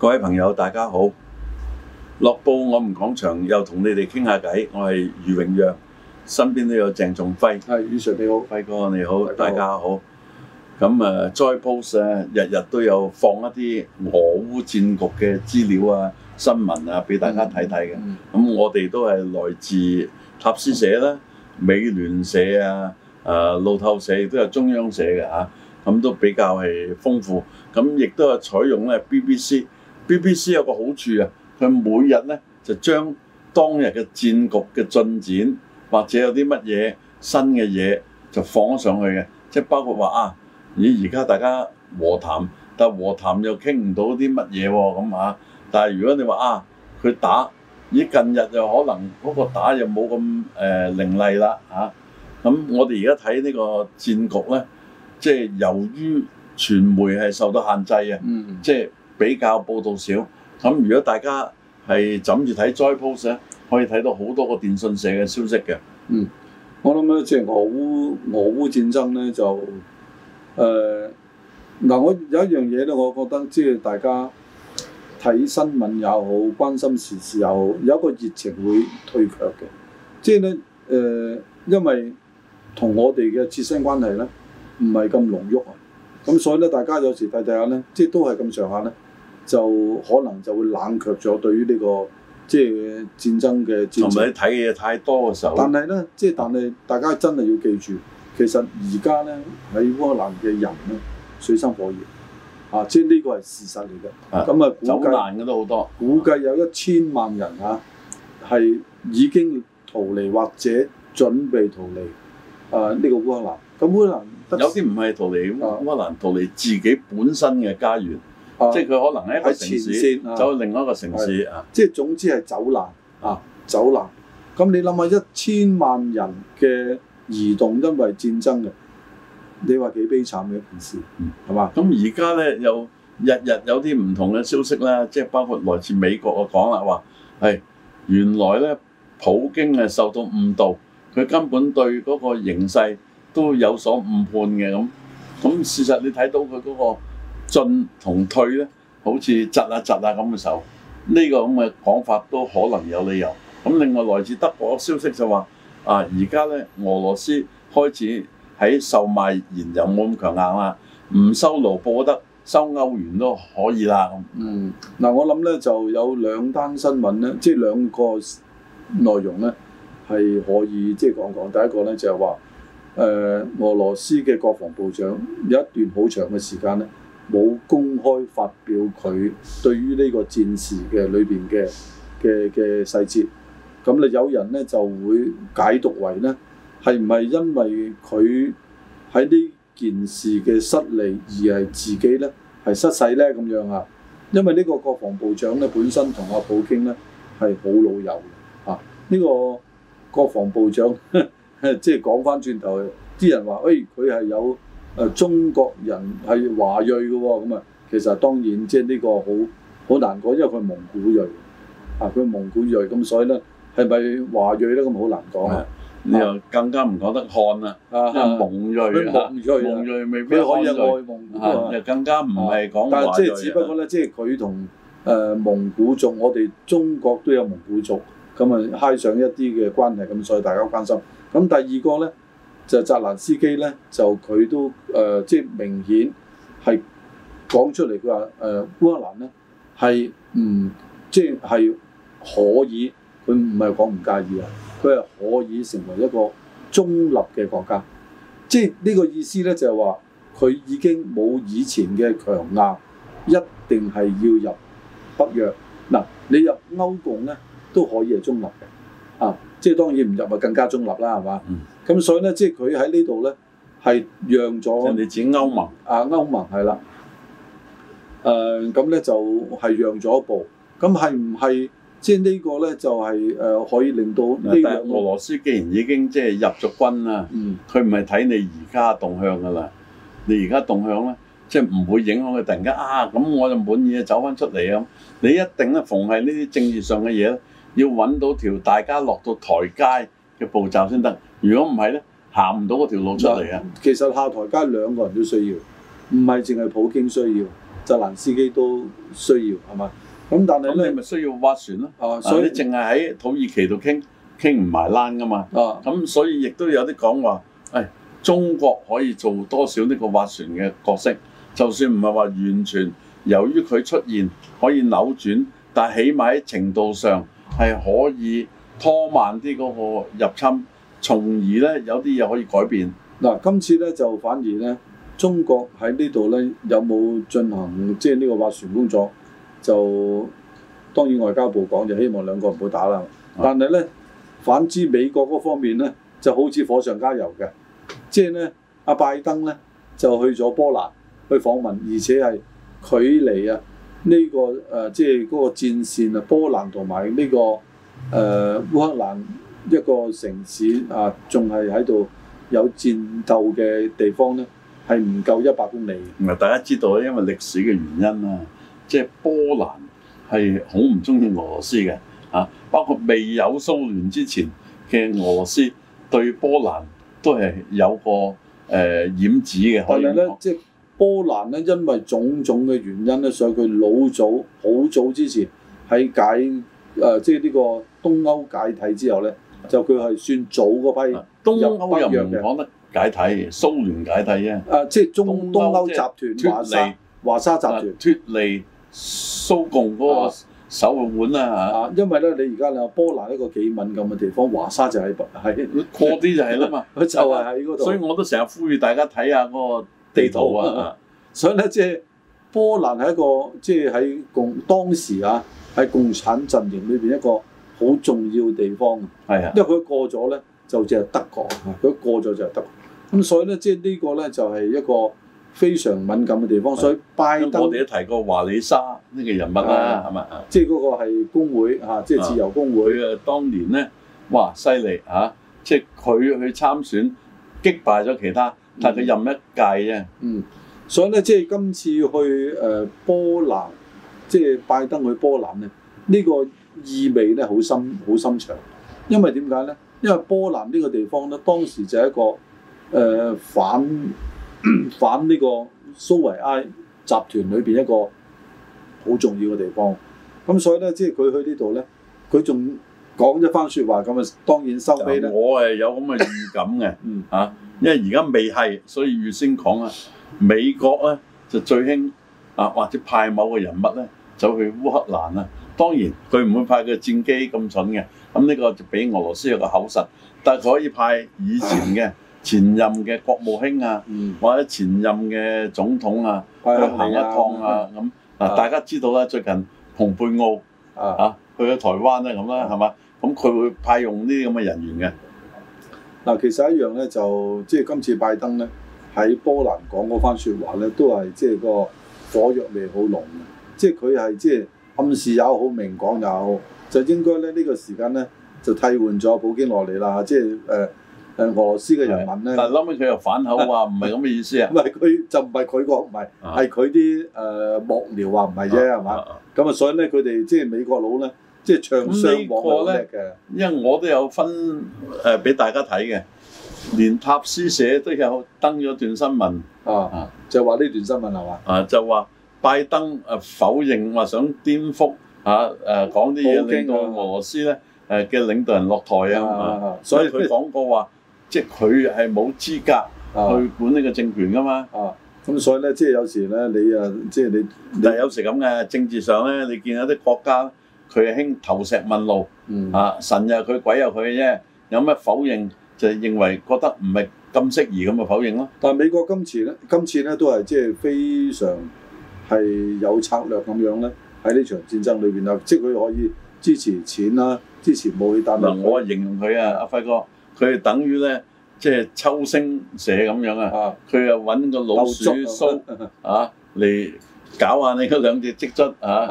各位朋友，大家好！樂報我們講場，又同你哋傾下偈。我係余永揚，身邊都有鄭仲輝。余 Sir，你好，輝哥你好，哥大家好。咁啊 Joy Post 咧，日日都有放一啲俄烏戰局嘅資料啊、新聞啊，俾大家睇睇嘅。咁我哋都係來自塔斯社啦、嗯、美聯社啊、誒路透社，都有中央社嘅嚇。咁、啊嗯嗯、都比較係豐富。咁、啊、亦都係採用咧 BBC。BBC 有個好處啊，佢每日咧就將當日嘅戰局嘅進展，或者有啲乜嘢新嘅嘢就放上去嘅，即係包括話啊，咦而家大家和談，但係和談又傾唔到啲乜嘢喎，咁啊，但係如果你話啊，佢打，咦近日就可能嗰個打又冇咁誒凌厲啦嚇，咁、啊、我哋而家睇呢個戰局咧，即係由於傳媒係受到限制啊，嗯、即係。比較報道少，咁如果大家係枕住睇 Twitter 咧，可以睇到好多個電訊社嘅消息嘅。嗯，我諗咧，即係俄烏俄烏戰爭咧就誒嗱，呃、我有一樣嘢咧，我覺得即係大家睇新聞又好，關心時事又好，有一個熱情會退卻嘅。即係咧誒，因為同我哋嘅切身關係咧唔係咁濃郁啊，咁所以咧大家有時睇睇下咧，即係都係咁上下咧。就可能就會冷卻咗對於呢、這個即係戰爭嘅，同埋啲睇嘅嘢太多嘅時候。但係咧，即、就、係、是、但係大家真係要記住，其實而家咧，喺烏克蘭嘅人咧，水深火熱啊！即係呢個係事實嚟嘅。咁啊的，走難嘅都好多。估計有一千萬人啊，係、啊、已經逃離或者準備逃離啊呢、這個烏克蘭。咁烏克蘭是有啲唔係逃離、啊、烏克蘭，逃離自己本身嘅家園。啊、即係佢可能喺一個城市先、啊、走去另一個城市啊！即係、就是、總之係走難啊，走難。咁、啊、你諗下，一千萬人嘅移動，因為戰爭嘅，你話幾悲慘嘅一件事，係嘛、嗯？咁而家咧又日日有啲唔同嘅消息啦，即係包括來自美國嘅講啦話，係、哎、原來咧普京係受到誤導，佢根本對嗰個形勢都有所誤判嘅咁。咁事實你睇到佢嗰、嗰個。進同退咧，好似窒啊窒啊咁嘅時候，呢個咁嘅講法都可能有理由。咁另外來自德國消息就話：啊，而家咧俄羅斯開始喺售賣燃油冇咁強硬啦，唔收盧布得，收歐元都可以啦。咁嗯，嗱我諗咧就有兩單新聞咧，即係兩個內容咧係可以即係講講。第一個咧就係話誒俄羅斯嘅國防部長有一段好長嘅時間咧。冇公開發表佢對於呢個戰事嘅裏邊嘅嘅嘅細節，咁你有人咧就會解讀為咧，係唔係因為佢喺呢件事嘅失利而係自己咧係失勢咧咁樣啊？因為呢個國防部長咧本身同阿、啊、普京咧係好老友嚇，呢、啊這個國防部長 即係講翻轉頭，啲人話：喂、哎，佢係有。誒中國人係華裔嘅喎，咁啊，其實當然即係呢個好好難講，因為佢係蒙古裔啊，佢蒙古裔，咁所以咧係咪華裔咧咁好難講啊。你又更加唔講得漢啊，啊蒙裔啊，蒙裔未必可以愛蒙古啊？又更加唔係講華裔，但係即係只不過咧，即係佢同誒蒙古族，我哋中國都有蒙古族，咁啊，嗨上一啲嘅關係，咁所以大家關心。咁第二個咧。就澤連斯基咧，就佢都誒，即、呃、係、就是、明顯係講出嚟，佢話誒烏克蘭咧係唔即係可以，佢唔係講唔介意啊，佢係可以成為一個中立嘅國家。即係呢個意思咧，就係話佢已經冇以前嘅強硬，一定係要入北約。嗱，你入歐共咧都可以係中立嘅啊，即、就、係、是、當然唔入啊，更加中立啦，係嘛？嗯咁所以咧，即係佢喺呢度咧，係讓咗人哋指歐盟啊，歐盟係啦。誒，咁咧、呃、就係讓咗一步。咁係唔係即係呢個咧，就係、是、誒可以令到呢、這、樣、個，俄羅斯既然已經即係入咗軍啦，佢唔係睇你而家動向噶啦？你而家動向咧，即係唔會影響佢突然間啊，咁我本就滿意啊，走翻出嚟啊咁你一定咧，逢係呢啲政治上嘅嘢咧，要揾到條大家落到台階。嘅步驟先得，如果唔係咧，行唔到嗰條路出嚟啊！其實下台階兩個人都需要，唔係淨係普京需要，澤連斯基都需要，係嘛？咁、嗯、但係你咪你需要斡旋咯？啊，所以、啊、你淨係喺土耳其度傾傾唔埋欄噶嘛？啊，咁所以亦都有啲講話，誒，中國可以做多少呢個斡旋嘅角色？就算唔係話完全由於佢出現可以扭轉，但起碼喺程度上係可以。拖慢啲嗰個入侵，從而咧有啲嘢可以改變。嗱、啊，今次咧就反而咧，中國喺呢度咧有冇進行即係呢個斡旋工作，就當然外交部講就希望兩國唔好打啦。啊、但係咧，反之美國嗰方面咧就好似火上加油嘅，即係咧阿拜登咧就去咗波蘭去訪問，而且係距離啊呢、呢個誒即係嗰個戰線啊波蘭同埋呢個。誒烏、呃、克蘭一個城市啊，仲係喺度有戰鬥嘅地方咧，係唔夠一百公里。唔係大家知道咧，因為歷史嘅原因啊，即係波蘭係好唔中意俄羅斯嘅嚇、啊。包括未有蘇聯之前嘅俄羅斯對波蘭都係有個誒染、呃、指嘅。但係咧，即係波蘭咧，因為種種嘅原因咧，所以佢老早好早之前喺解。誒、呃，即係呢個東歐解體之後咧，嗯、就佢係算早嗰批、啊、東歐一樣嘅。講解體，蘇聯解體啫。誒、啊，即係中東歐歐集團華沙華沙集團、啊、脱離蘇共嗰個手腕啦嚇。因為咧，你而家啊，波蘭一個幾敏感嘅地方，華沙就係係過啲就係啦嘛，佢 就係喺嗰度。所以我都成日呼籲大家睇下嗰個地圖啊。嗯嗯嗯、所以咧，即係波蘭係一個即係喺共當時啊。喺共產陣營裏面一個好重要嘅地方啊！係啊，因為佢過咗咧，就淨係德國；佢、啊、過咗就係德國。咁所以咧，即係呢個咧就係、是、一個非常敏感嘅地方。啊、所以拜登，我哋都提過華里沙呢個人物啦、啊，係嘛、啊嗎啊？即係嗰個係工會嚇，即係自由工會啊！當年咧，哇犀利嚇！即係佢去參選，擊敗咗其他，但係佢任一屆啫。嗯，所以咧即係今次去誒、呃、波蘭。即係拜登去波蘭咧，呢、這個意味咧好深、好深長。因為點解咧？因為波蘭呢個地方咧，當時就係一個誒、呃、反反呢個蘇維埃集團裏邊一個好重要嘅地方。咁所以咧，即係佢去這呢度咧，佢仲講一番説話咁啊，當然收尾咧。我係有咁嘅預感嘅， 嗯嚇、啊，因為而家未係，所以預先講啊，美國咧就最興啊，或者派某個人物咧。走去烏克蘭啊！當然佢唔會派佢戰機咁蠢嘅，咁呢個就俾俄羅斯一個口實。但係可以派以前嘅前任嘅國務卿啊，嗯、或者前任嘅總統啊去行、嗯、一趟啊咁。嗱、嗯，大家知道啦，嗯、最近蓬佩奧啊去咗台灣啦咁啦，係嘛？咁佢、嗯、會派用呢啲咁嘅人員嘅。嗱，其實一樣咧，就即係今次拜登咧喺波蘭講嗰番説話咧，都係即係個火藥味好濃嘅。即係佢係即係暗示又好，明講又好，就應該咧呢個時間咧就替換咗普京落嚟啦。即係誒誒俄羅斯嘅人民咧。但係諗起佢又反口話，唔係咁嘅意思啊。唔係佢就唔係佢個，唔係係佢啲誒幕僚話唔係啫，係嘛？咁啊，所以咧佢哋即係美國佬咧，即係唱雙簧好叻嘅。因為我都有分誒俾、呃、大家睇嘅，連塔斯社都有登咗段新聞啊，就話呢段新聞係嘛？啊，就話。拜登誒否認話想顛覆嚇誒講啲嘢令到俄羅斯咧誒嘅領導人落台啊，所以佢講過話，即係佢係冇資格去管呢個政權㗎嘛。咁所以咧，即係有時咧，你啊，即係你係有時咁嘅政治上咧，你見有啲國家佢係興投石問路，啊神又佢鬼又佢嘅啫，有咩否認就認為覺得唔係咁適宜咁就否認咯。但係美國今次咧，今次咧都係即係非常，係有策略咁樣咧，喺呢場戰爭裏邊啊，即係佢可以支持錢啦、啊，支持武器，但係我話形容佢啊，阿、啊啊、輝哥，佢係等於咧，即、就、係、是、秋星蛇咁樣啊，佢又揾個老鼠蘇啊嚟搞下你嗰兩隻積卒啊，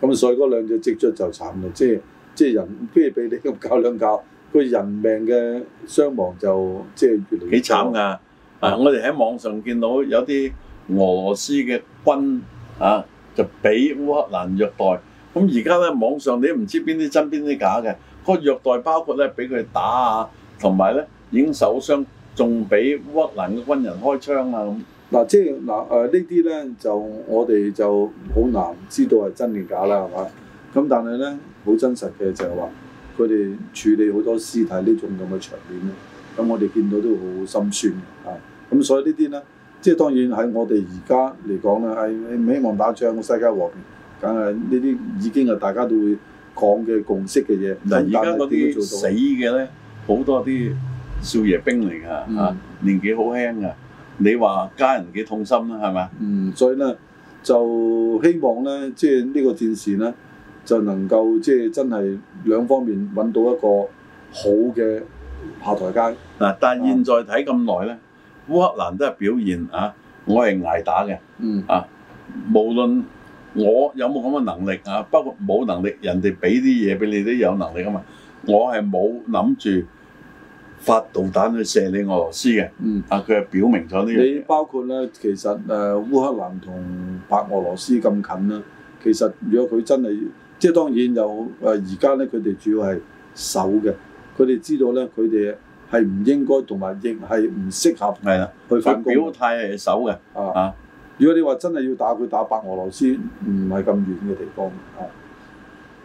咁、啊、所以嗰兩隻積卒就慘啦，嗯、即係即係人不如俾你咁搞兩搞，兩個人命嘅傷亡就即係越嚟越慘㗎。啊，我哋喺網上見到有啲。俄羅斯嘅軍啊，就俾烏克蘭虐待。咁而家咧，網上你都唔知邊啲真邊啲假嘅。個虐待包括咧，俾佢打啊，同埋咧已經受傷，仲俾烏克蘭嘅軍人開槍啊咁。嗱、啊，即係嗱誒呢啲咧，就我哋就好難知道係真定假啦，係嘛？咁但係咧，好真實嘅就係話，佢哋處理好多屍體呢種咁嘅場面咧，咁我哋見到都好心酸啊。咁所以這些呢啲咧。即係當然喺我哋而家嚟講咧，係、哎、唔希望打仗，世界和平，梗係呢啲已經係大家都會講嘅共識嘅嘢。嗱，而家嗰啲死嘅咧，好多啲少爺兵嚟㗎嚇，年紀好輕㗎。你話家人幾痛心啦，係咪？嗯，所以咧就希望咧，即、這、係、個、呢個戰事咧，就能夠即係真係兩方面揾到一個好嘅下台階。嗱，但係現在睇咁耐咧。烏克蘭都係表現啊，我係捱打嘅，嗯、啊，無論我有冇咁嘅能力啊，包括冇能力，人哋俾啲嘢俾你都有能力啊嘛，我係冇諗住發導彈去射你俄羅斯嘅，嗯、啊，佢係表明咗呢樣。你包括咧，其實誒、呃，烏克蘭同白俄羅斯咁近啦，其實如果佢真係，即係當然有誒，而家咧佢哋主要係守嘅，佢哋知道咧佢哋。係唔應該同埋亦係唔適合係啦，去發表態係守嘅啊。如果你話真係要打佢打白俄羅斯，唔係咁遠嘅地方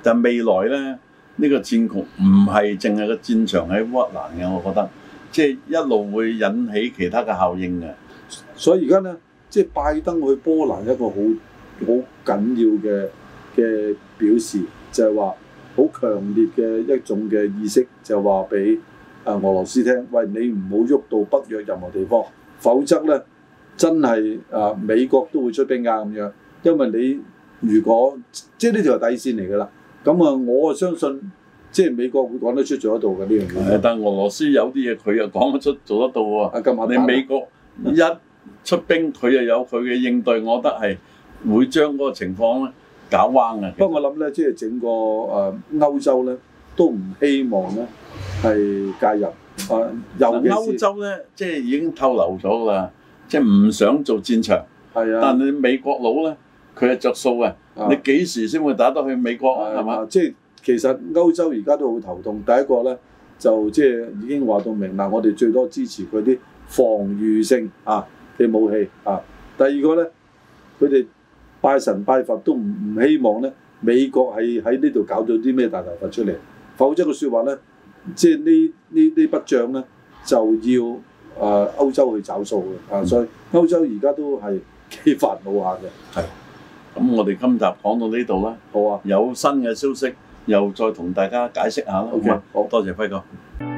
但、啊、未來呢，呢、呢個戰局唔係淨係個戰場喺烏克蘭嘅，我覺得即係、就是、一路會引起其他嘅效應嘅。所以而家呢，即、就、係、是、拜登去波蘭一個好好緊要嘅嘅表示，就係話好強烈嘅一種嘅意識，就話俾。誒俄羅斯聽，喂，你唔好喐到北約任何地方，否則咧真係誒、啊、美國都會出兵啊咁樣。因為你如果即係呢條係底線嚟噶啦，咁啊我啊相信即係美國會講得出做得到嘅呢樣嘢。係，但係俄羅斯有啲嘢佢又講得出做得到喎。啊，今日你美國一出兵，佢又有佢嘅應對，我覺得係會將嗰個情況搞彎嘅。不過我諗咧，即係整個誒歐、呃、歐洲咧都唔希望咧。係介入，啊，由歐洲咧，即係已經透露咗啦，即係唔想做戰場。係啊，但係你美國佬咧，佢係着數嘅。啊、你幾時先會打得去美國啊？係嘛、啊，吧即係其實歐洲而家都好頭痛。第一個咧，就即係已經話到明嗱、啊，我哋最多支持佢啲防禦性啊嘅武器啊。第二個咧，佢哋拜神拜佛都唔唔希望咧美國係喺呢度搞到啲咩大頭佛出嚟，否則嘅説話咧。即係呢呢呢筆帳咧，就要誒歐洲去找數嘅，啊、嗯！所以歐洲而家都係幾煩惱下嘅，係。咁我哋今集講到這裏呢度啦。好啊，有新嘅消息又再同大家解釋下啦。OK，好，好多謝輝哥。